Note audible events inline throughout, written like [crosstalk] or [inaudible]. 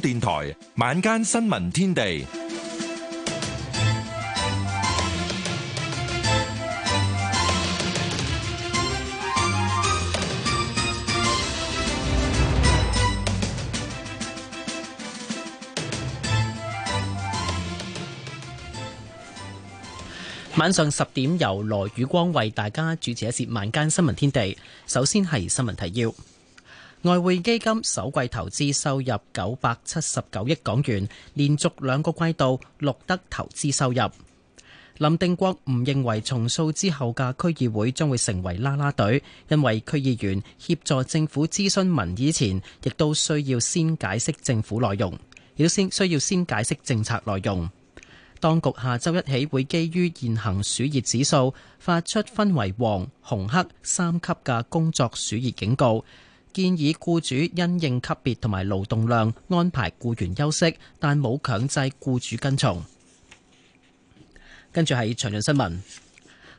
電台晚間新聞天地，晚上十點由羅宇光為大家主持一節晚間新聞天地。首先係新聞提要。外匯基金首季投資收入九百七十九億港元，連續兩個季度錄得投資收入。林定國唔認為重塑之後嘅區議會將會成為啦啦隊，因為區議員協助政府諮詢民意前，亦都需要先解釋政府內容，亦都先需要先解釋政策內容。當局下周一起會基於現行暑熱指數發出分為黃、紅、黑三級嘅工作暑熱警告。建議僱主因應級別同埋勞動量安排僱員休息，但冇強制僱主跟從。跟住係詳盡新聞：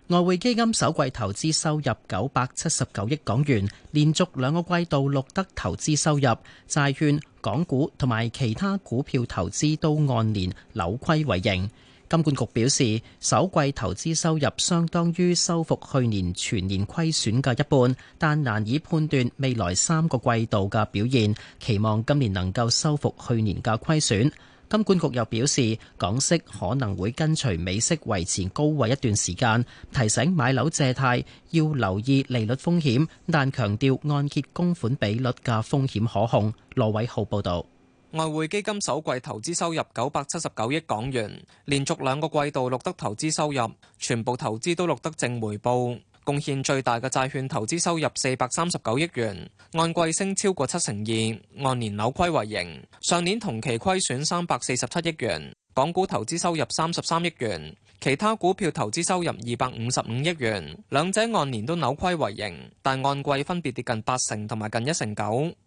外匯基金首季投資收入九百七十九億港元，連續兩個季度錄得投資收入。債券、港股同埋其他股票投資都按年扭虧為盈。金管局表示，首季投資收入相當於收復去年全年虧損嘅一半，但難以判斷未來三個季度嘅表現，期望今年能夠收復去年嘅虧損，金管局又表示，港息可能會跟隨美息維持高位一段時間，提醒買樓借貸要留意利率風險，但強調按揭供款比率嘅風險可控。羅偉浩報道。外匯基金首季投資收入九百七十九億港元，連續兩個季度錄得投資收入，全部投資都錄得正回報。貢獻最大嘅債券投資收入四百三十九億元，按季升超過七成二，按年扭虧為盈。上年同期虧損三百四十七億元。港股投資收入三十三億元，其他股票投資收入二百五十五億元，兩者按年都扭虧為盈，但按季分別跌近八成同埋近一成九。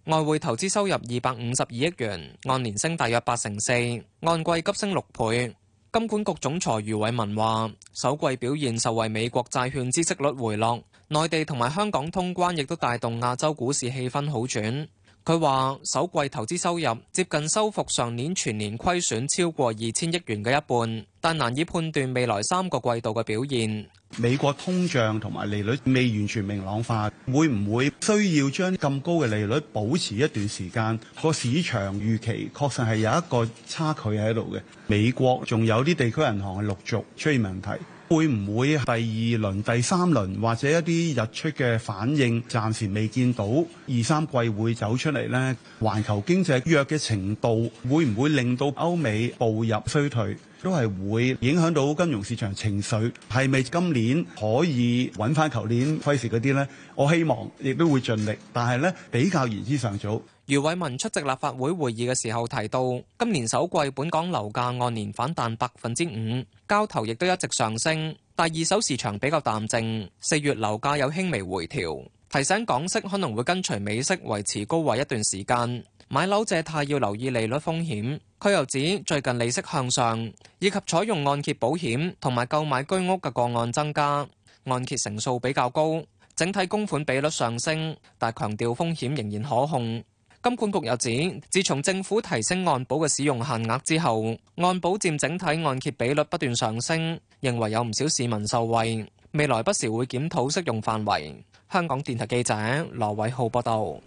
外匯投資收入二百五十二億元，按年升大約八成四，按季急升六倍。金管局總裁余偉文話：首季表現受惠美國債券孳息率回落，內地同埋香港通關亦都帶動亞洲股市氣氛好轉。佢話：首季投資收入接近收復上年全年虧損超過二千億元嘅一半，但難以判斷未來三個季度嘅表現。美國通脹同埋利率未完全明朗化，會唔會需要將咁高嘅利率保持一段時間？個市場預期確實係有一個差距喺度嘅。美國仲有啲地區銀行嘅陸續出現問題。會唔會第二輪、第三輪或者一啲日出嘅反應暫時未見到？二三季會走出嚟呢？環球經濟弱嘅程度會唔會令到歐美步入衰退？都係會影響到金融市場情緒。係咪今年可以揾翻舊年費事嗰啲呢，我希望亦都會盡力，但係呢，比較言之尚早。余偉文出席立法會會議嘅時候提到，今年首季本港樓價按年反彈百分之五，交投亦都一直上升，但二手市場比較淡靜。四月樓價有輕微回調，提醒港息可能會跟隨美息維持高位一段時間。買樓借貸要留意利率風險。佢又指最近利息向上，以及採用按揭保險同埋購買居屋嘅個案增加，按揭成數比較高，整體供款比率上升，但強調風險仍然可控。金管局又指，自從政府提升按保嘅使用限額之後，按保佔整體按揭比率不斷上升，認為有唔少市民受惠，未來不時會檢討適用範圍。香港電台記者羅偉浩報道。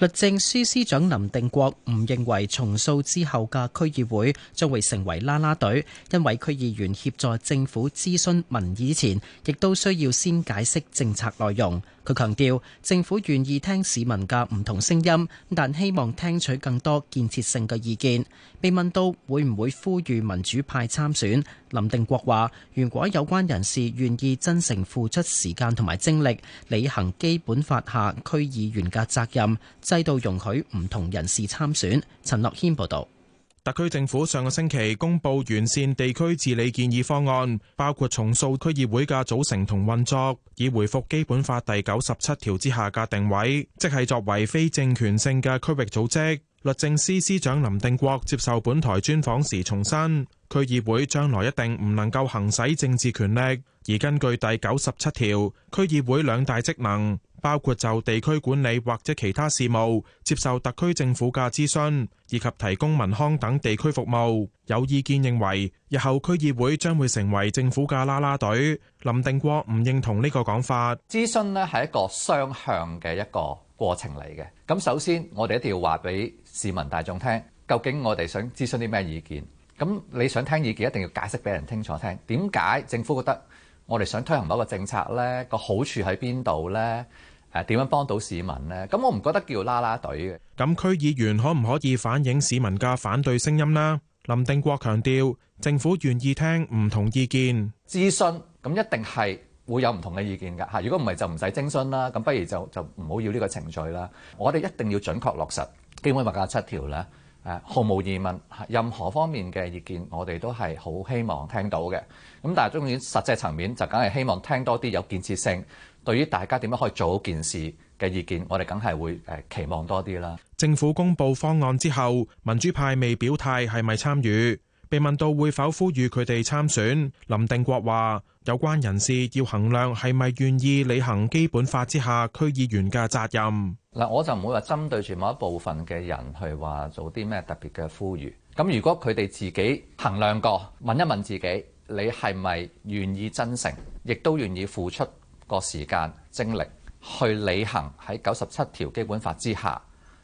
律政司司長林定國唔認為重塑之後嘅區議會將會成為啦啦隊，因為區議員協助政府諮詢民意前，亦都需要先解釋政策內容。佢強調，政府願意聽市民嘅唔同聲音，但希望聽取更多建設性嘅意見。被問到會唔會呼籲民主派參選，林定國話：「如果有關人士願意真誠付出時間同埋精力，履行基本法下區議員嘅責任。」制度容許唔同人士參選。陳樂軒報導，特區政府上個星期公布完善地區治理建議方案，包括重塑區議會嘅組成同運作，以回復《基本法》第九十七條之下嘅定位，即係作為非政權性嘅區域組織。律政司司長林定國接受本台專訪時重申，區議會將來一定唔能夠行使政治權力，而根據第九十七條，區議會兩大職能。包括就地區管理或者其他事務，接受特區政府嘅諮詢以及提供民康等地區服務。有意見認為日後區議會將會成為政府嘅啦啦隊。林定國唔認同呢個講法。諮詢咧係一個雙向嘅一個過程嚟嘅。咁首先，我哋一定要話俾市民大眾聽，究竟我哋想諮詢啲咩意見，咁你想聽意見一定要解釋俾人聽清楚，聽點解政府覺得我哋想推行某一個政策咧，個好處喺邊度咧？誒點樣幫到市民呢？咁我唔覺得叫啦啦隊嘅。咁區議員可唔可以反映市民嘅反對聲音呢？林定國強調，政府願意聽唔同意見諮詢，咁一定係會有唔同嘅意見㗎。嚇，如果唔係就唔使徵詢啦。咁不如就就唔好要呢個程序啦。我哋一定要準確落實基本法嘅七條咧。誒，毫無疑問，任何方面嘅意見，我哋都係好希望聽到嘅。咁但係當然實際層面就梗係希望聽多啲有建設性。對於大家點樣可以做好件事嘅意見，我哋梗係會誒期望多啲啦。政府公布方案之後，民主派未表態係咪參與？被問到會否呼籲佢哋參選，林定國話：有關人士要衡量係咪願意履行基本法之下區議員嘅責任嗱，我就唔會話針對住某一部分嘅人去話做啲咩特別嘅呼籲。咁如果佢哋自己衡量過，問一問自己，你係咪願意、真誠，亦都願意付出，個時間、精力去履行喺九十七條基本法之下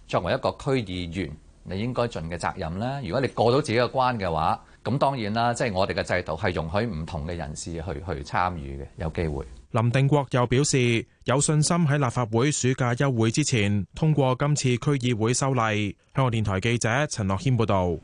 作為一個區議員，你應該盡嘅責任啦。如果你過到自己嘅關嘅話，咁當然啦，即係我哋嘅制度係容許唔同嘅人士去去參與嘅，有機會。林定國又表示有信心喺立法會暑假休會之前通過今次區議會修例。香港電台記者陳樂軒報導。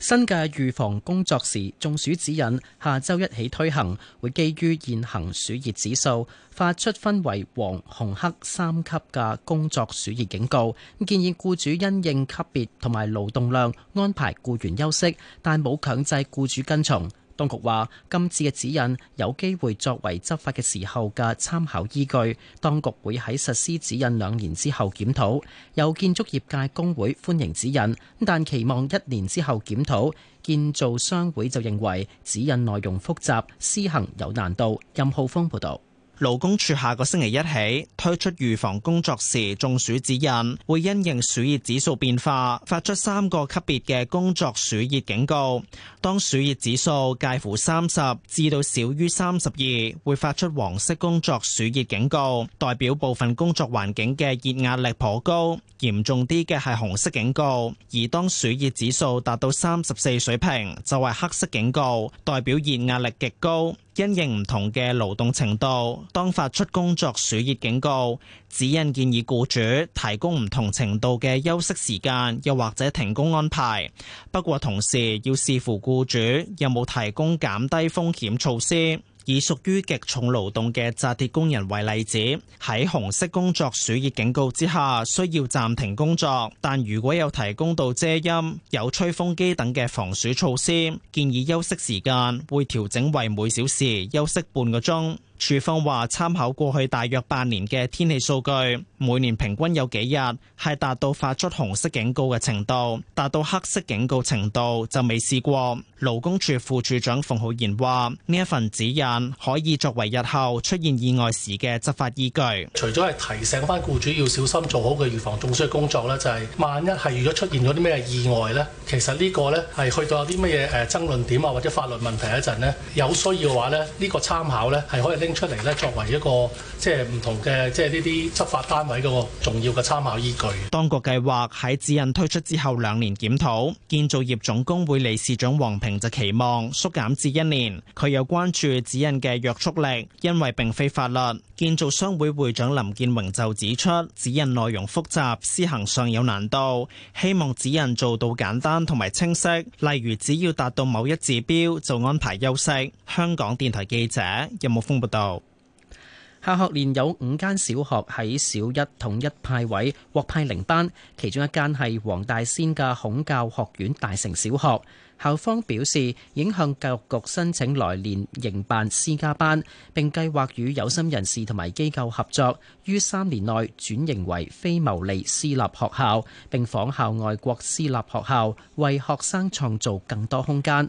新嘅預防工作時中暑指引下週一起推行，會基於現行暑,暑熱指數，發出分為黃、紅、黑三級嘅工作暑熱警告。建議僱主因應級別同埋勞動量安排僱員休息，但冇強制僱主跟從。當局話今次嘅指引有機會作為執法嘅時候嘅參考依據，當局會喺實施指引兩年之後檢討。有建築業界工會歡迎指引，但期望一年之後檢討。建造商會就認為指引內容複雜，施行有難度。任浩峰報導。勞工處下個星期一起推出預防工作時中暑指引，會因應暑熱指數變化，發出三個級別嘅工作暑熱警告。當暑熱指數介乎三十至到少於三十二，會發出黃色工作暑熱警告，代表部分工作環境嘅熱壓力頗高。嚴重啲嘅係紅色警告，而當暑熱指數達到三十四水平，就係黑色警告，代表熱壓力極高。因應唔同嘅勞動程度，當發出工作暑熱警告，指引建議僱主提供唔同程度嘅休息時間，又或者停工安排。不過同時要視乎僱主有冇提供減低風險措施。以屬於極重勞動嘅紮鐵工人為例子，喺紅色工作暑熱警告之下，需要暫停工作。但如果有提供到遮陰、有吹風機等嘅防暑措施，建議休息時間會調整為每小時休息半個鐘。處方話：參考過去大約八年嘅天氣數據，每年平均有幾日係達到發出紅色警告嘅程度，達到黑色警告程度就未試過。勞工處副處長馮浩然話：呢一份指引可以作為日後出現意外時嘅執法依據。除咗係提醒翻僱主要小心做好嘅預防措施工作呢就係、是、萬一係如果出現咗啲咩意外呢？其實呢個呢係去到有啲乜嘢誒爭論點啊或者法律問題嗰陣呢，有需要嘅話咧呢、這個參考呢係可以出嚟呢，作為一個即係唔同嘅即係呢啲執法單位嗰個重要嘅參考依據。當局計劃喺指引推出之後兩年檢討，建造業總工會理事長黃平就期望縮減至一年。佢又關注指引嘅約束力，因為並非法律。建造商會會長林建榮就指出，指引內容複雜，施行上有難度，希望指引做到簡單同埋清晰。例如，只要達到某一指標就安排休息。香港電台記者任木峰報道，有有下學年有五間小學喺小一統一派位獲派零班，其中一間係黃大仙嘅孔教學院大成小學。校方表示，已向教育局申請來年營辦私家班，並計劃與有心人士同埋機構合作，於三年內轉型為非牟利私立學校，並仿效外國私立學校，為學生創造更多空間。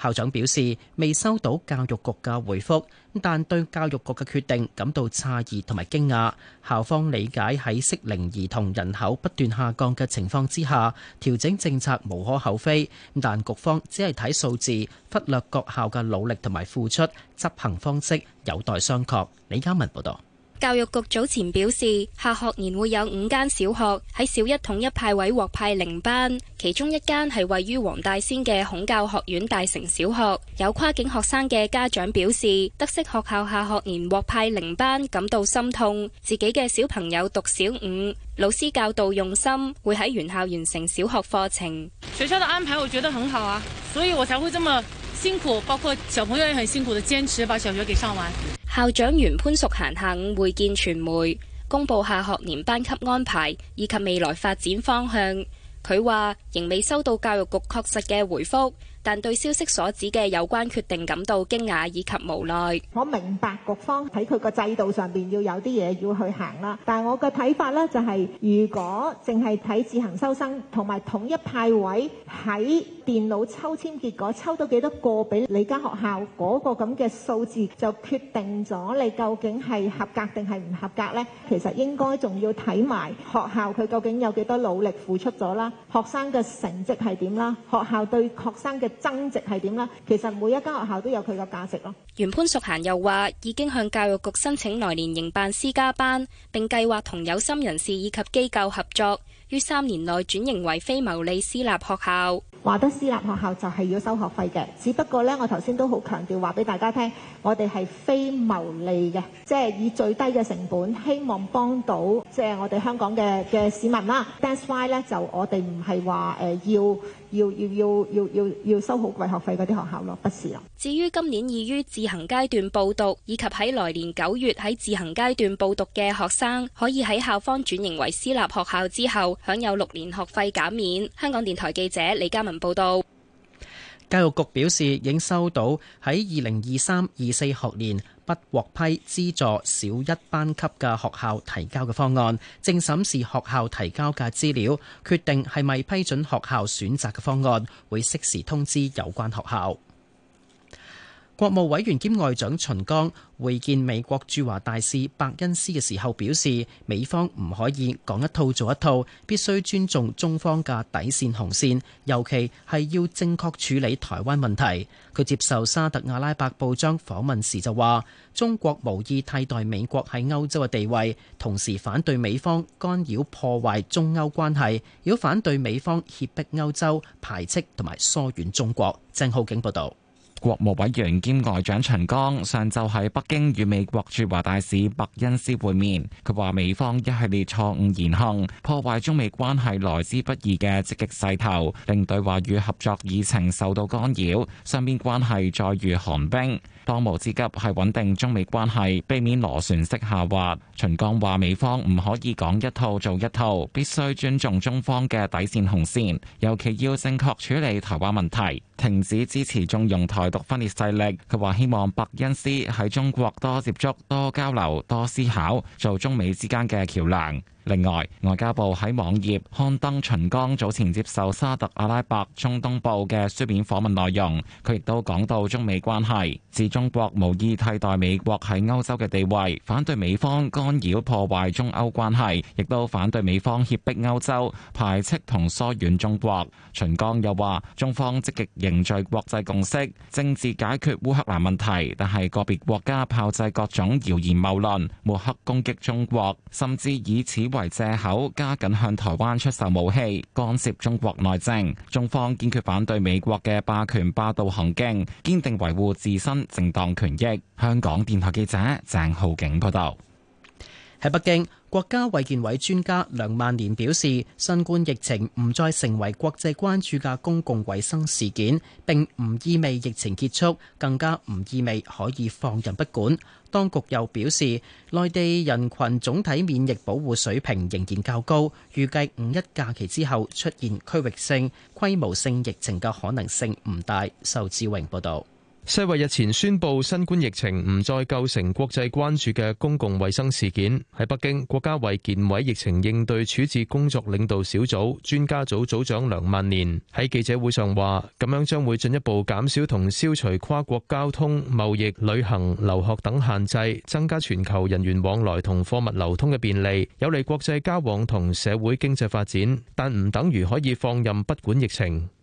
校長表示未收到教育局嘅回覆，但對教育局嘅決定感到詫異同埋驚訝。校方理解喺適齡兒童人口不斷下降嘅情況之下，調整政策無可厚非。但局方只係睇數字，忽略各校嘅努力同埋付出，執行方式有待商榷。李嘉文報道。教育局早前表示，下學年會有五間小學喺小一統一派位獲派零班，其中一間係位於黃大仙嘅孔教學院大成小學。有跨境學生嘅家長表示，得悉學校下學年獲派零班，感到心痛，自己嘅小朋友讀小五，老師教導用心，會喺原校完成小學課程。學校的安排我覺得很好啊，所以我才會咁啊。辛苦，包括小朋友也很辛苦的堅持，把小學給上完。校長袁潘淑嫻下午會見傳媒，公布下學年班級安排以及未來發展方向。佢話仍未收到教育局確實嘅回覆但對消息所指嘅有關決定感到驚訝以及無奈。我明白局方喺佢個制度上面要有啲嘢要去行啦，但係我嘅睇法咧就係，如果淨係睇自行收生同埋統一派位喺電腦抽籤結果抽到幾多個俾你間學校嗰個咁嘅數字，就決定咗你究竟係合格定係唔合格咧？其實應該仲要睇埋學校佢究竟有幾多努力付出咗啦，學生嘅成績係點啦，學校對學生嘅增值係點呢？其實每一間學校都有佢個價值咯。袁潘淑嫻又話：已經向教育局申請來年營辦私家班，並計劃同有心人士以及機構合作，於三年內轉型為非牟利私立學校。話得私立學校就係要收學費嘅，只不過呢，我頭先都好強調話俾大家聽，我哋係非牟利嘅，即係以最低嘅成本，希望幫到即係我哋香港嘅嘅市民啦。That's why 咧，就我哋唔係話誒要。要要要要要要收好貴學費嗰啲學校咯，不是。至於今年已於自行階段報讀，以及喺來年九月喺自行階段報讀嘅學生，可以喺校方轉型為私立學校之後享有六年學費減免。香港電台記者李嘉文報道。教育局表示，已經收到喺二零二三二四學年不獲批資助小一班級嘅學校提交嘅方案，正審視學校提交嘅資料，決定係咪批准學校選擇嘅方案，會適時通知有關學校。國務委員兼外長秦剛會見美國駐華大使伯恩斯嘅時候表示，美方唔可以講一套做一套，必須尊重中方嘅底線紅線，尤其係要正確處理台灣問題。佢接受沙特阿拉伯報章訪問時就話：中國無意替代美國喺歐洲嘅地位，同時反對美方干擾破壞中歐關係，要反對美方脅迫歐洲排斥同埋疏遠中國。鄭浩景報道。國務委員兼外長秦剛上晝喺北京與美國駐華大使伯恩斯會面。佢話美方一系列錯誤言行，破壞中美關係來之不易嘅積極勢頭，令對話與合作議程受到干擾，雙邊關係再遇寒冰。當務之急係穩定中美關係，避免螺旋式下滑。秦剛話美方唔可以講一套做一套，必須尊重中方嘅底線紅線，尤其要正確處理台灣問題。停止支持縱容台獨分裂勢力。佢話希望伯恩斯喺中國多接觸、多交流、多思考，做中美之間嘅橋樑。另外，外交部喺網頁刊登秦剛早前接受沙特阿拉伯、中東報嘅書面訪問內容。佢亦都講到中美關係，指中國無意替代美國喺歐洲嘅地位，反對美方干擾破壞中歐關係，亦都反對美方脅迫歐洲排斥同疏遠中國。秦剛又話：中方積極凝聚國際共識，政治解決烏克蘭問題，但係個別國家炮製各種謠言謬論，抹黑攻擊中國，甚至以此為借口加緊向台灣出售武器，干涉中國內政，中方堅決反對美國嘅霸權霸道行徑，堅定維護自身正當權益。香港電台記者鄭浩景報道。喺北京，國家衛健委專家梁萬年表示，新冠疫情唔再成為國際關注嘅公共衛生事件，並唔意味疫情結束，更加唔意味可以放任不管。當局又表示，內地人群總體免疫保護水平仍然較高，預計五一假期之後出現區域性規模性疫情嘅可能性唔大。仇志榮報道。世衛日前宣布，新冠疫情唔再構成國際關注嘅公共衛生事件。喺北京，國家衛健委疫情應對處置工作領導小組專家組組長梁萬年喺記者會上話，咁樣將會進一步減少同消除跨國交通、貿易、旅行、留學等限制，增加全球人員往來同貨物流通嘅便利，有利國際交往同社會經濟發展。但唔等於可以放任不管疫情。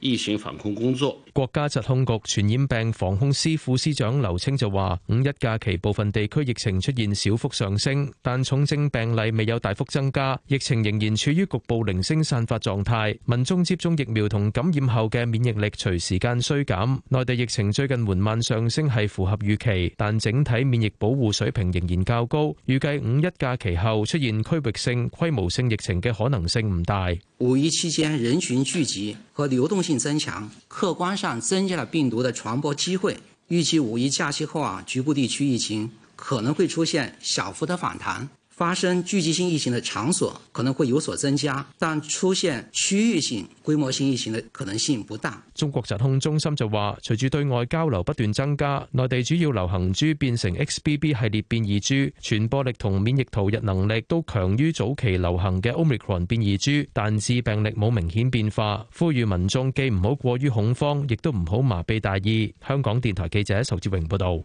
疫情防控工作，國家疾控局傳染病防控司副司長劉清就話：五一假期部分地區疫情出現小幅上升，但重症病例未有大幅增加，疫情仍然處於局部零星散發狀態。民眾接種疫苗同感染後嘅免疫力隨時間衰減，內地疫情最近緩慢上升係符合預期，但整體免疫保護水平仍然較高。預計五一假期後出現區域性、規模性疫情嘅可能性唔大。五一期間人群聚集，和流動性增強，客觀上增加了病毒的傳播機會。預計五一假期後啊，局部地區疫情可能會出現小幅的反彈。發生聚集性疫情嘅場所可能會有所增加，但出現區域性規模性疫情嘅可能性不大。中國疾控中心就話，隨住對外交流不斷增加，內地主要流行株變成 XBB 系列變異株，傳播力同免疫逃逸能力都強於早期流行嘅 Omicron 變異株，但致病力冇明顯變化。呼籲民眾既唔好過於恐慌，亦都唔好麻痹大意。香港電台記者仇志榮報道。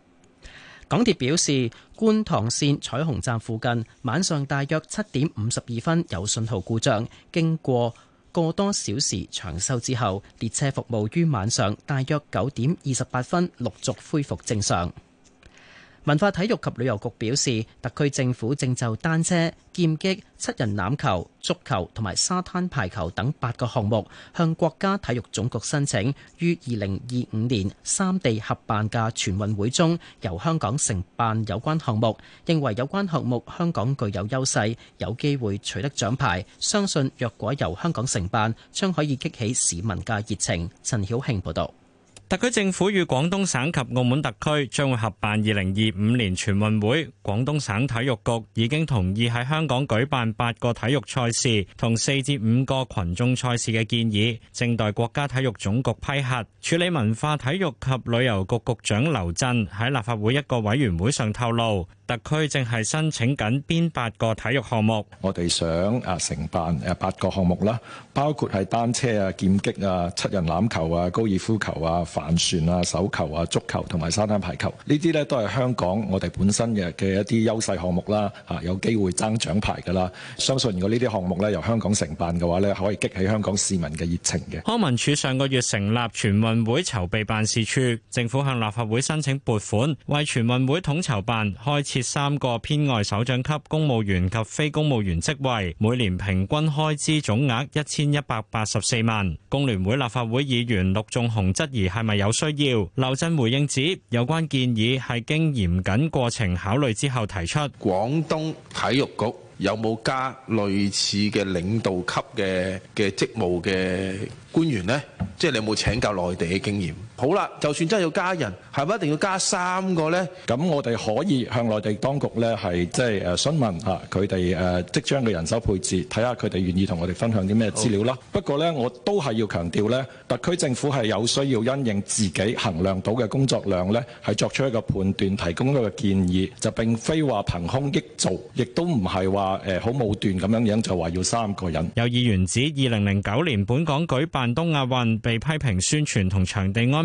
港鐵表示，觀塘綫彩虹站附近晚上大約七點五十二分有信號故障，經過個多小時搶修之後，列車服務於晚上大約九點二十八分陸續恢復正常。文化體育及旅遊局表示，特區政府正就單車、劍擊、七人欖球、足球同埋沙灘排球等八個項目向國家體育總局申請，於2025年3特區政府與廣東省及澳門特區將會合辦二零二五年全運會。廣東省體育局已經同意喺香港舉辦八個體育賽事同四至五個群眾賽事嘅建議，正待國家體育總局批核。署理文化體育及旅遊局局長劉震喺立法會一個委員會上透露，特區正係申請緊邊八個體育項目？我哋想誒，承辦誒，八個項目啦，包括係單車啊、劍擊啊、七人欖球啊、高爾夫球啊。帆船啊、手球啊、足球同埋沙灘排球呢啲咧，都係香港我哋本身嘅嘅一啲優勢項目啦，嚇有機會爭獎牌噶啦。相信如果呢啲項目咧由香港承辦嘅話咧，可以激起香港市民嘅熱情嘅。康文署上個月成立全運會籌備辦事處，政府向立法會申請撥款，為全運會統籌辦開設三個編外首長級公務員及非公務員職位，每年平均開支總額一千一百八十四萬。工聯會立法會議員陸仲雄質疑係。咪有需要？劉振回應指，有關建議係經嚴謹過程考慮之後提出。廣東體育局有冇加類似嘅領導級嘅嘅職務嘅官員咧？即係你有冇請教內地嘅經驗？好啦，就算真係要加人，係咪一定要加三個咧？咁我哋可以向內地當局咧，係即係詢問吓佢哋，誒即將嘅人手配置，睇下佢哋願意同我哋分享啲咩資料啦。好不過咧，我都係要強調咧，特區政府係有需要因應自己衡量到嘅工作量咧，係作出一個判斷，提供一個建議，就並非話憑空益做，亦都唔係話誒好武斷咁樣樣就話要三個人。有議員指，二零零九年本港舉辦東亞運被批評宣傳同場地安。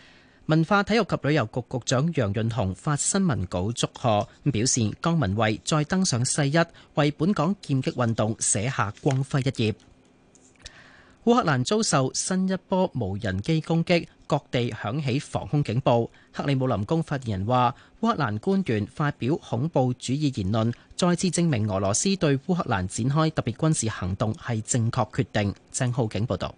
文化、體育及旅遊局局長楊潤雄發新聞稿祝賀，表示江旻憓再登上世一，為本港劍擊運動寫下光輝一頁。烏克蘭遭受新一波無人機攻擊，各地響起防空警報。克里姆林宮發言人話，烏克蘭官員發表恐怖主義言論，再次證明俄羅斯對烏克蘭展開特別軍事行動係正確決定。鄭浩景報道。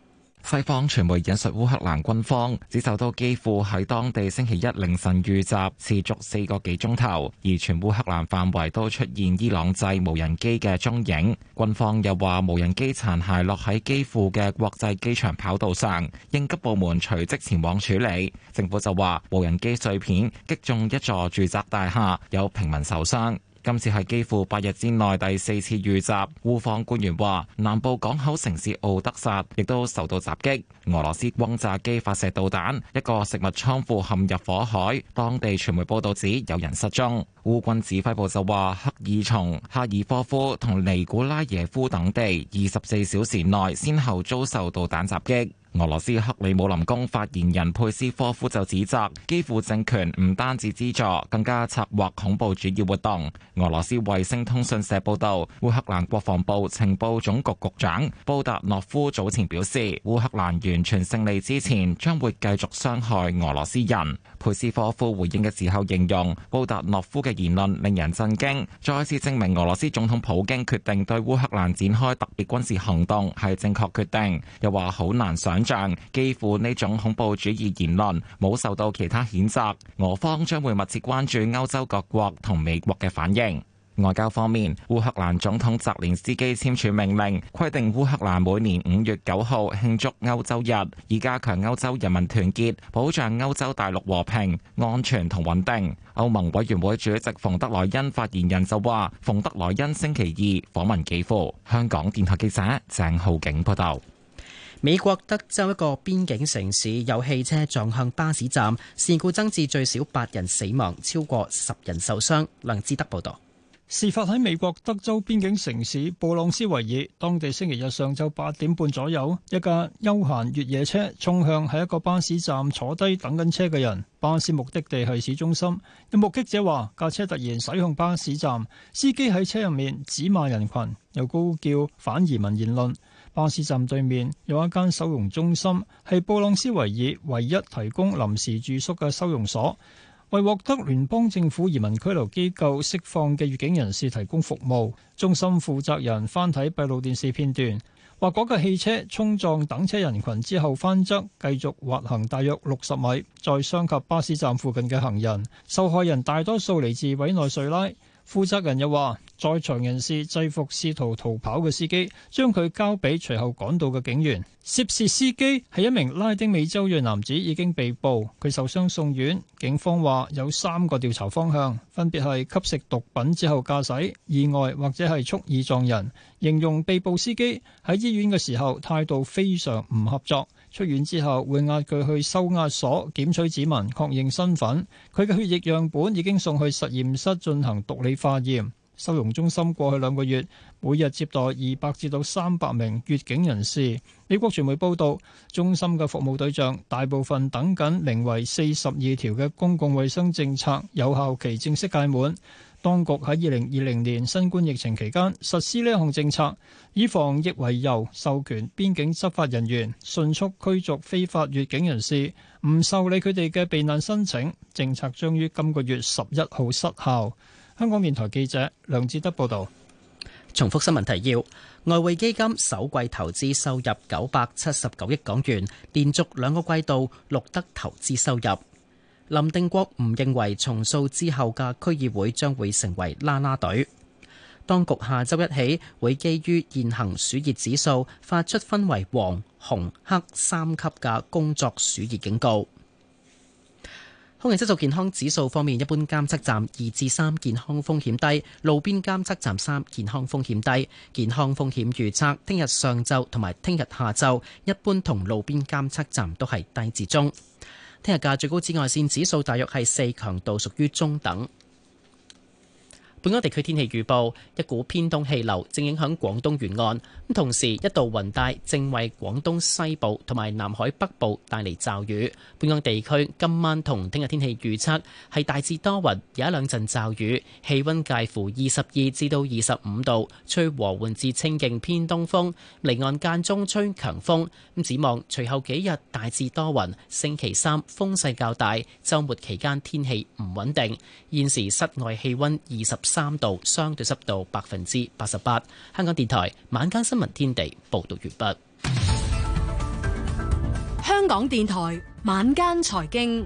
西方傳媒引述烏克蘭軍方指受到基輔喺當地星期一凌晨遇襲，持續四個幾鐘頭，而全烏克蘭範圍都出現伊朗製無人機嘅蹤影。軍方又話，無人機殘骸落喺基輔嘅國際機場跑道上，應急部門隨即前往處理。政府就話，無人機碎片擊中一座住宅大廈，有平民受傷。今次係幾乎八日之內第四次遇襲，烏方官員話南部港口城市敖德薩亦都受到襲擊。俄羅斯轟炸機發射導彈，一個食物倉庫陷入火海。當地傳媒報道指有人失蹤。烏軍指揮部就話，克爾松、哈爾科夫同尼古拉耶夫等地二十四小時內，先後遭受導彈襲擊。俄羅斯克里姆林宮發言人佩斯科夫就指責基輔政權唔單止資助，更加策劃恐怖主義活動。俄羅斯衛星通訊社報道，烏克蘭國防部情報總局局長布達諾夫早前表示，烏克蘭完全勝利之前，將會繼續傷害俄羅斯人。佩斯科夫回應嘅時候形容，布達諾夫嘅言論令人震驚，再次證明俄羅斯總統普京決定對烏克蘭展開特別軍事行動係正確決定。又話好難想象，幾乎呢種恐怖主義言論冇受到其他譴責。俄方將會密切關注歐洲各國同美國嘅反應。外交方面，烏克蘭總統澤連斯基簽署命令，規定烏克蘭每年五月九號慶祝歐洲日，以加強歐洲人民團結，保障歐洲大陸和平、安全同穩定。歐盟委員會主席馮德萊恩發言人就話：馮德萊恩星期二訪問基輔。香港電台記者鄭浩景報道。美國德州一個邊境城市有汽車撞向巴士站，事故增至最少八人死亡，超過十人受傷。梁志德報道。事發喺美國德州邊境城市布朗斯維爾，當地星期日上晝八點半左右，一架休閒越野車衝向喺一個巴士站坐低等緊車嘅人。巴士目的地係市中心，有目擊者話，架車突然駛向巴士站，司機喺車入面指罵人群，又高叫反移民言論。巴士站對面有一間收容中心，係布朗斯維爾唯一提供臨時住宿嘅收容所。為獲得聯邦政府移民拘留機構釋放嘅預警人士提供服務，中心負責人翻睇閉路電視片段，話嗰架汽車衝撞等車人群之後翻側，繼續滑行大約六十米，再傷及巴士站附近嘅行人。受害人大多數嚟自委內瑞拉，負責人又話。在場人士制服試圖逃跑嘅司機，將佢交俾隨後趕到嘅警員。涉事司機係一名拉丁美洲裔男子，已經被捕。佢受傷送院，警方話有三個調查方向，分別係吸食毒品之後駕駛、意外，或者係蓄意撞人。形容被捕司機喺醫院嘅時候態度非常唔合作。出院之後會押佢去收押所檢取指紋，確認身份。佢嘅血液樣本已經送去實驗室進行毒理化驗。收容中心過去兩個月，每日接待二百至到三百名越境人士。美國傳媒報道，中心嘅服務對象大部分等緊名為四十二條嘅公共衛生政策有效期正式屆滿，當局喺二零二零年新冠疫情期間實施呢項政策，以防疫為由授權邊境執法人員迅速驅逐非法越境人士，唔受理佢哋嘅避難申請。政策將於今個月十一號失效。香港電台記者梁志德報道。重複新聞提要：外匯基金首季投資收入九百七十九億港元，連續兩個季度錄得投資收入。林定國唔認為重塑之後嘅區議會將會成為啦啦隊。當局下周一起會基於現行暑熱指數，發出分為黃、紅、黑三級嘅工作暑熱警告。空氣質素健康指數方面，一般監測站二至三，健康風險低；路邊監測站三，健康風險低。健康風險預測，聽日上晝同埋聽日下晝，一般同路邊監測站都係低至中。聽日嘅最高紫外線指數大約係四，強度屬於中等。本港地區天氣預報，一股偏東氣流正影響廣東沿岸，咁同時一道雲帶正為廣東西部同埋南海北部帶嚟驟雨。本港地區今晚同聽日天氣預測係大致多雲，有一兩陣驟雨，氣溫介乎二十二至到二十五度，吹和緩至清勁偏東風，離岸間中吹強風，咁展望隨後幾日大致多雲，星期三風勢較大，週末期間天氣唔穩定。現時室外氣溫二十。三度，相對濕度百分之八十八。香港電台晚間新聞天地報道完畢。香港電台晚間財經。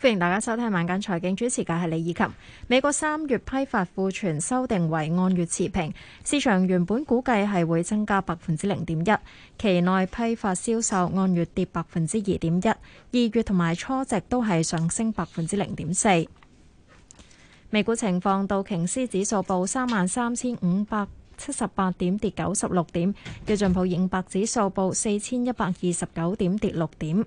歡迎大家收聽《晚間財經》，主持嘅係李以琴。美國三月批發庫存修訂為按月持平，市場原本估計係會增加百分之零點一。期內批發銷售按月跌百分之二點一，二月同埋初值都係上升百分之零點四。美股情況，道瓊斯指數報三萬三千五百七十八點，4, 點跌九十六點；標準普爾五百指數報四千一百二十九點，跌六點。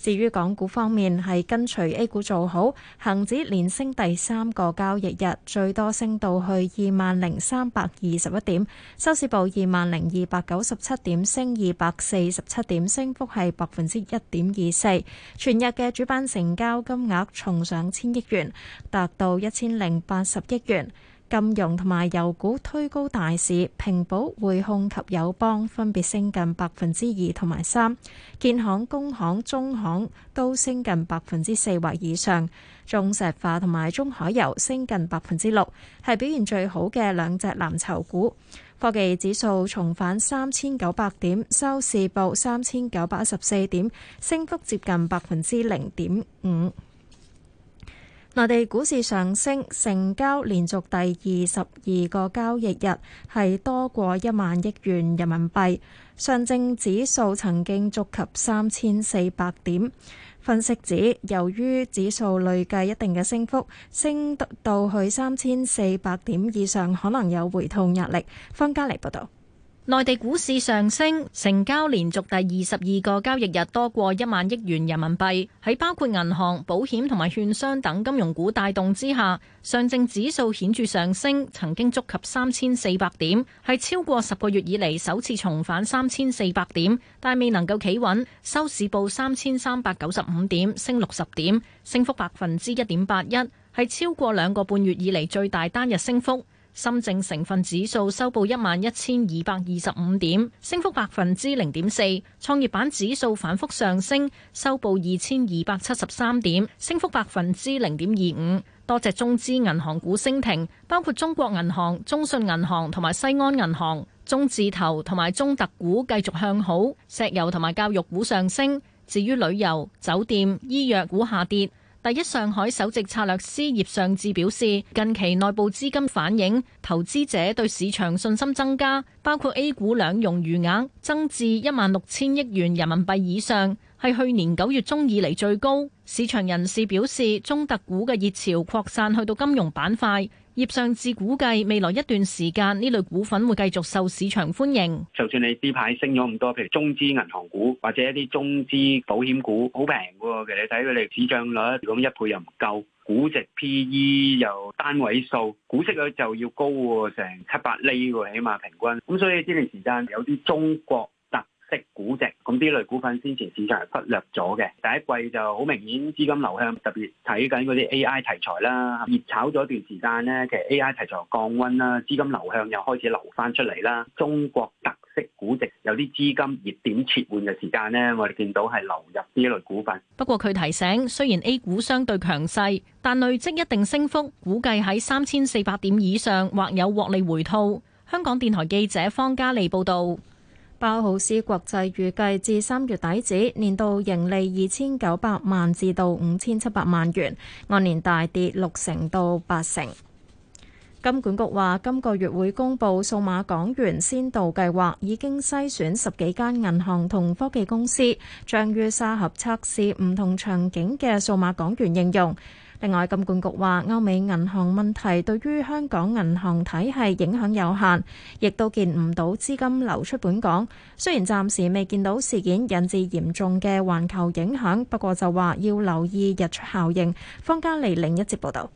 至於港股方面，係跟隨 A 股做好，恒指連升第三個交易日，最多升到去二萬零三百二十一點，收市報二萬零二百九十七點升，升二百四十七點，升幅係百分之一點二四。全日嘅主板成交金額重上千億元，達到一千零八十億元。金融同埋油股推高大市，平保、匯控及友邦分別升近百分之二同埋三，建行、工行、中行都升近百分之四或以上，中石化同埋中海油升近百分之六，係表現最好嘅兩隻藍籌股。科技指數重返三千九百點，收市報三千九百十四點，升幅接近百分之零點五。內地股市上升，成交連續第二十二個交易日係多過一萬億元人民幣。上證指數曾經觸及三千四百點，分析指由於指數累計一定嘅升幅，升到去三千四百點以上，可能有回吐壓力。方嘉麗報道。內地股市上升，成交連續第二十二個交易日多過一萬億元人民幣。喺包括銀行、保險同埋券商等金融股帶動之下，上證指數顯著上升，曾經觸及三千四百點，係超過十個月以嚟首次重返三千四百點，但未能夠企穩，收市報三千三百九十五點，升六十點，升幅百分之一點八一，係超過兩個半月以嚟最大單日升幅。深證成分指數收報一萬一千二百二十五點，升幅百分之零點四。創業板指數反復上升，收報二千二百七十三點，升幅百分之零點二五。多隻中資銀行股升停，包括中國銀行、中信銀行同埋西安銀行。中字頭同埋中特股繼續向好，石油同埋教育股上升，至於旅遊、酒店、醫藥股下跌。第一上海首席策略師葉尚志表示，近期內部資金反映投資者對市場信心增加，包括 A 股兩融餘額增至一萬六千億元人民幣以上，係去年九月中以嚟最高。市場人士表示，中特股嘅熱潮擴散去到金融板塊。業上至估計，未來一段時間呢類股份會繼續受市場歡迎。就算你呢排升咗咁多，譬如中資銀行股或者一啲中資保險股，好平喎。其實你睇佢哋市賬率，咁一倍又唔夠，估值 P E 又單位數，股息率就要高喎，成七百厘喎，起碼平均。咁所以呢段時間有啲中國。即估值，咁呢類股份先前市場係忽略咗嘅，第一季就好明顯資金流向特別睇緊嗰啲 A I 題材啦，熱炒咗一段時間咧，其實 A I 題材降溫啦，資金流向又開始流翻出嚟啦。中國特色估值有啲資金熱點切換嘅時間咧，我哋見到係流入呢類股份。不過佢提醒，雖然 A 股相對強勢，但累積一定升幅，估計喺三千四百點以上，或有獲利回吐。香港電台記者方嘉莉報道。包豪斯國際預計至三月底止，年度盈利二千九百萬至到五千七百萬元，按年大跌六成到八成。金管局話，今個月會公布數碼港元先導計劃，已經篩選十幾間銀行同科技公司，將於沙盒測試唔同場景嘅數碼港元應用。另外,金管局話歐美銀行問題,對於香港銀行體係影響有限,亦都見唔到資金流出本港,雖然暫時未見到事件引致嚴重嘅環球影響,不過就話要留意日出效應。方家利另一節報道。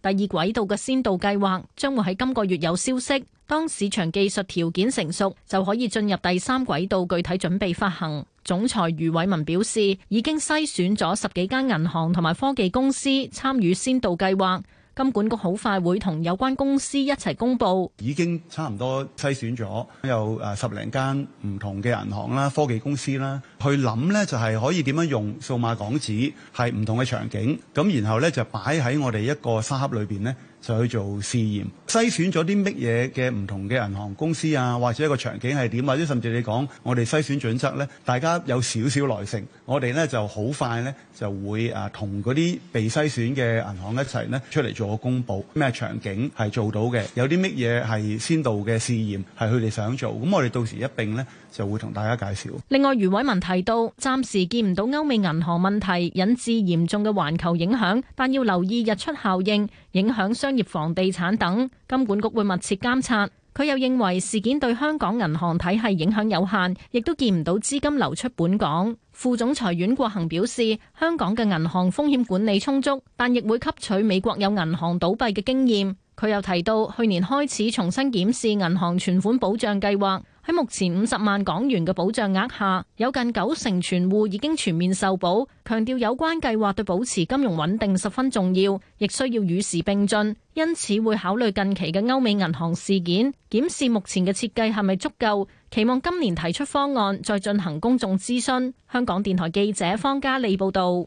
第二軌道嘅先導計劃將會喺今個月有消息，當市場技術條件成熟，就可以進入第三軌道，具體準備發行。總裁余偉文表示，已經篩選咗十幾間銀行同埋科技公司參與先導計劃。金管局好快會同有關公司一齊公佈，已經差唔多篩選咗有誒十零間唔同嘅銀行啦、科技公司啦，去諗咧就係可以點樣用數碼港紙喺唔同嘅場景，咁然後咧就擺喺我哋一個沙盒裏邊咧。就去做試驗，篩選咗啲乜嘢嘅唔同嘅銀行公司啊，或者一個場景係點，或者甚至你講我哋篩選準則咧，大家有少少耐性，我哋咧就好快咧就會啊同嗰啲被篩選嘅銀行一齊咧出嚟做個公佈，咩場景係做到嘅，有啲乜嘢係先導嘅試驗係佢哋想做，咁我哋到時一並咧。就會同大家介紹。另外，余偉文提到，暫時見唔到歐美銀行問題引致嚴重嘅環球影響，但要留意日出效應，影響商業、房地產等。金管局會密切監察。佢又認為事件對香港銀行體系影響有限，亦都見唔到資金流出本港。副總裁阮國恒表示，香港嘅銀行風險管理充足，但亦會吸取美國有銀行倒閉嘅經驗。佢又提到，去年開始重新檢視銀行存款保障計劃。喺目前五十萬港元嘅保障額下，有近九成存戶已經全面受保。強調有關計劃對保持金融穩定十分重要，亦需要與時並進。因此會考慮近期嘅歐美銀行事件，檢視目前嘅設計係咪足夠。期望今年提出方案，再進行公眾諮詢。香港電台記者方嘉莉報導。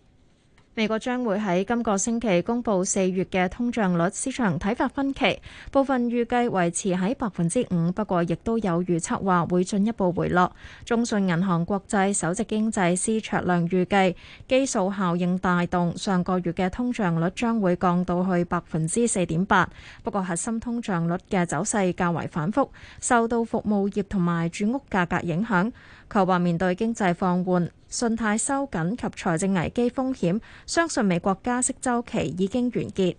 美國將會喺今個星期公布四月嘅通脹率，市場睇法分歧，部分預計維持喺百分之五，不過亦都有預測話會進一步回落。中信銀行國際首席經濟師卓亮預計，基數效應帶動上個月嘅通脹率將會降到去百分之四點八，不過核心通脹率嘅走勢較為反覆，受到服務業同埋住屋價格，格影響。佢話：面對經濟放緩、信貸收緊及財政危機風險，相信美國加息週期已經完結。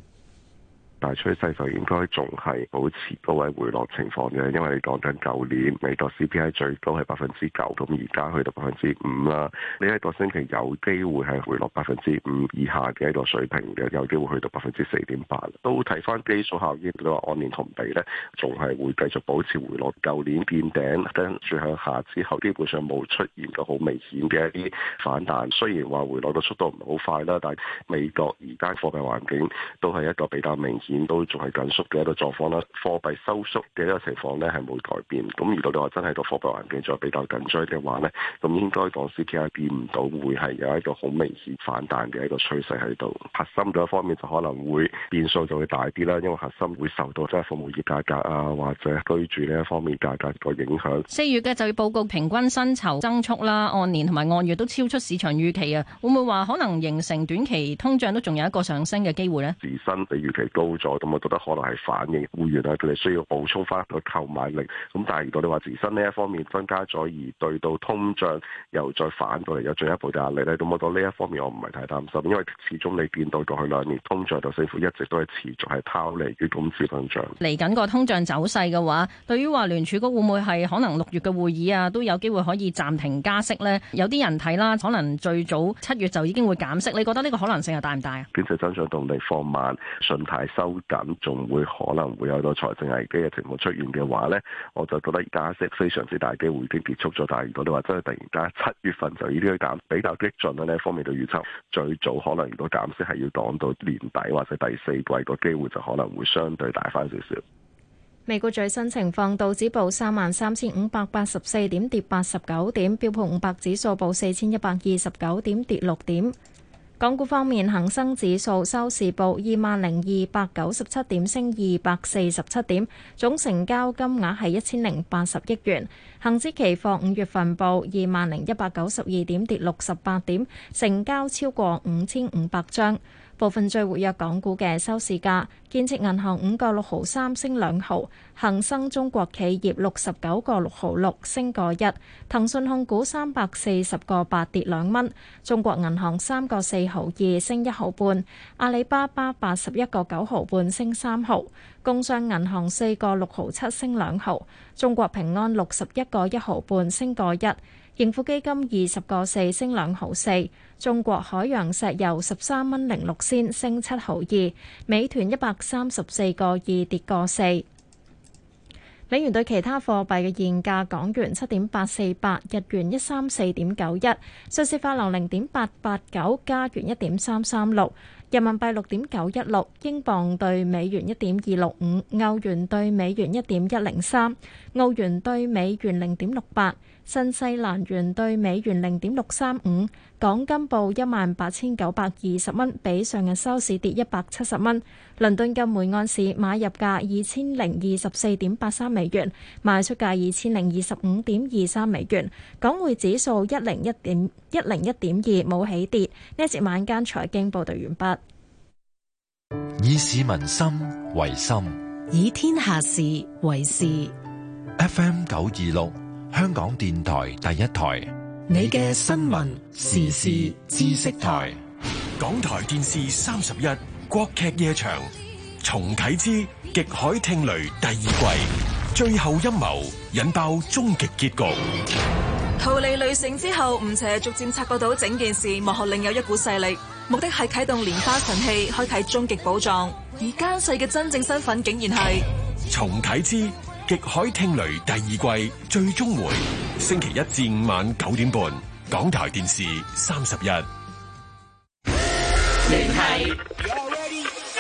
大趨勢上應該仲係保持高位回落情況嘅，因為你講緊舊年美國 CPI 最高係百分之九，咁而家去到百分之五啦。你一，這個星期有機會係回落百分之五以下嘅一個水平嘅，有機會去到百分之四點八。都提翻基數效益，你話按年同比咧，仲係會繼續保持回落。舊年見頂跟住向下之後，基本上冇出現過好明顯嘅一啲反彈。雖然話回落嘅速度唔係好快啦，但係美國而家貨幣環境都係一個比較明顯。都仲係緊縮嘅一個狀況啦，貨幣收縮嘅一個情況咧，係冇改變。咁如果你話真係個貨幣環境再比較緊張嘅話咧，咁應該講 CPI 變唔到會係有一個好明顯反彈嘅一個趨勢喺度。核心嘅一方面就可能會變數就會大啲啦，因為核心會受到即係服務業價格啊或者居住呢一方面價格個影響。四月嘅就業報告平均薪酬增速啦，按年同埋按月都超出市場預期啊，會唔會話可能形成短期通脹都仲有一個上升嘅機會咧？自身比預期高。咁我覺得可能係反映會員啊，佢哋需要補充翻個購買力。咁但係如果你話自身呢一方面增加咗，而對到通脹又再反過嚟有進一步嘅壓力咧，咁我覺得呢一方面我唔係太擔心，因為始終你見到過去兩年通脹度升幅一直都係持續係拋離於控制緊上。嚟緊個通脹走勢嘅話，對於話聯儲局會唔會係可能六月嘅會議啊，都有機會可以暫停加息咧？有啲人睇啦，可能最早七月就已經會減息。你覺得呢個可能性係大唔大啊？經濟增長動力放慢，信貸收。減仲會可能會有個財政危機嘅情況出現嘅話呢，我就覺得加息非常之大機會已經結束咗。但係如果你話真係突然間七月份就已經去減比較激進咧，方面嘅預測最早可能如果減息係要擋到年底或者第四季個機會就可能會相對大翻少少。美國最新情況，道指報三萬三千五百八十四點，跌八十九點；標普五百指數報四千一百二十九點，跌六點。港股方面，恒生指數收市報二萬零二百九十七點，升二百四十七點，總成交金額係一千零八十億元。恒指期貨五月份報二萬零一百九十二點，跌六十八點，成交超過五千五百張。部分最活躍港股嘅收市價，建設銀行五個六毫三升兩毫，恒生中國企業六十九個六毫六升個一，騰訊控股三百四十個八跌兩蚊，中國銀行三個四毫二升一毫半，阿里巴巴八十一個九毫半升三毫，工商銀行四個六毫七升兩毫，中國平安六十一個一毫半升個一。盈富基金二十個四升兩毫四，中國海洋石油十三蚊零六仙升七毫二，美團一百三十四個二跌個四。美元兌其他貨幣嘅現價：港元七點八四八，日元一三四點九一，瑞士法郎零點八八九，加元一點三三六。人民幣六點九一六，英鎊對美元一點二六五，歐元對美元一點一零三，澳元對美元零點六八，新西蘭元對美元零點六三五。港金報一萬八千九百二十蚊，比上日收市跌一百七十蚊。倫敦金每盎司買入價二千零二十四點八三美元，賣出價二千零二十五點二三美元。港匯指數一零一點一零一點二，冇起跌。呢一節晚間財經報導完畢。以市民心為心，以天下事為事。FM 九二六，香港電台第一台。你嘅新聞時事知識台，港台電視三十一，國劇夜場，重啟之《極海聽雷》第二季，最後陰謀引爆終極結局。逃離雷城之後，吳邪逐漸察覺到整件事幕後另有一股勢力。目的係啟動蓮花神器，開啟終極寶藏。而奸細嘅真正身份竟然係……重啟之《極海聽雷》第二季最終回，星期一至五晚九點半，港台電視三十一。嚟睇。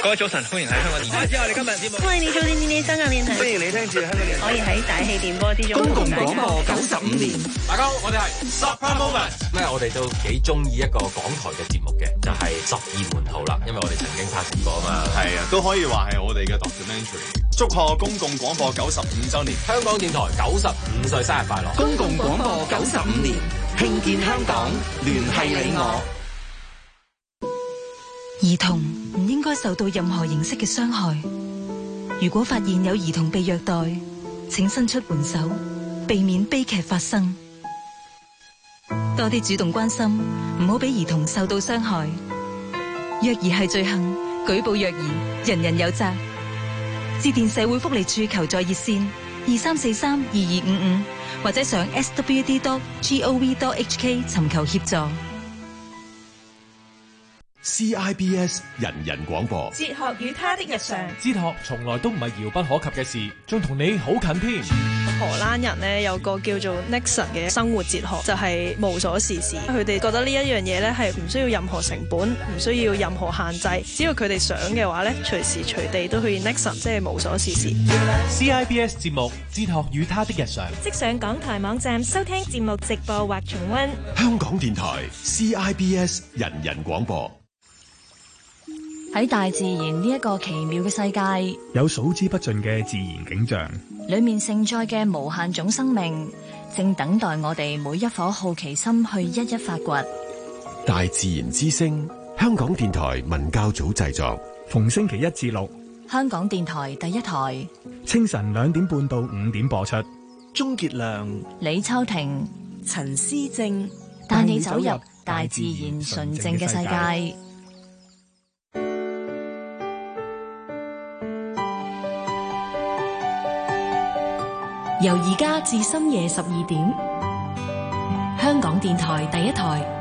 各位早晨，歡迎喺香港電台。歡迎、啊、你做電電台新嘅電台。歡迎你聽住香港電台。可 [laughs] 以喺大氣電波之中公共廣播九十五年，年大家好，我哋係 Super Moment。咩、嗯？我哋都幾中意一個港台嘅節目嘅，就係十二門徒啦。因為我哋曾經拍攝過啊嘛。係啊、嗯，都可以話係我哋嘅 documentary。 [laughs] 祝賀公共廣播九十五週年，香港電台九十五歲生日快樂！公共，共廣播九十五年，共建香港，聯繫你我。兒童。唔應該受到任何形式嘅傷害。如果發現有兒童被虐待，請伸出援手，避免悲劇發生。多啲主動關心，唔好俾兒童受到傷害。虐兒係罪行，舉報虐兒，人人有責。致電社會福利處求助熱線二三四三二二五五，55，或者上 swd.gov.hk 尋求協助。CIBS 人人廣播，哲學與他的日常，哲學從來都唔係遙不可及嘅事，仲同你好近添。荷蘭人呢，有個叫做 Nixon 嘅生活哲學，就係、是、無所事事。佢哋覺得呢一樣嘢呢，係唔需要任何成本，唔需要任何限制，只要佢哋想嘅話呢，隨時隨地都可以 Nixon，即係無所事事。CIBS 節 Yeah. 目《哲學與他的日常》，即上港台網站收聽節目直播或重溫。香港電台 CIBS 人人廣播。喺大自然呢一個奇妙嘅世界，有數之不盡嘅自然景象，裏面盛載嘅無限種生命，正等待我哋每一顆好奇心去一一發掘。大自然之聲，香港電台文教組製作，逢星期一至六，香港電台第一台，清晨兩點半到五點播出。鍾傑良、李秋婷、陳思正帶你走入大自然純正嘅世界。由而家至深夜十二點，香港電台第一台。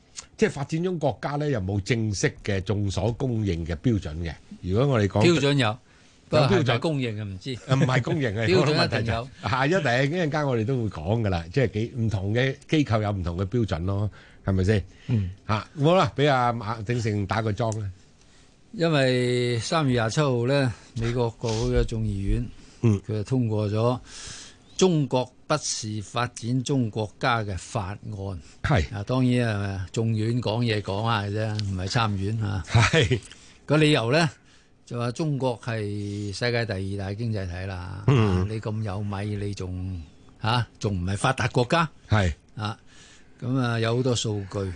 即係發展中國家咧，又冇正式嘅眾所公認嘅標準嘅。如果我哋講標準有，個標準公認嘅唔知，唔係公認嘅。標準一定有。個問題就下一題，一陣間我哋都會講㗎喇。即係幾唔同嘅機構有唔同嘅標準咯，係咪先？嗯，嚇，好啦，俾阿馬鼎盛打個裝啦。因為三月廿七號咧，美國國會嘅眾議院，嗯，佢就通過咗中國不是發展中國家嘅法案係是啊，當然、呃、講講講啊，眾院講嘢講下啫，唔係參院嚇。係個理由咧，就話中國係世界第二大經濟體啦。嗯、嗯，啊、你咁有米，你仲嚇仲唔係發達國家？係是啊，咁啊有好多數據。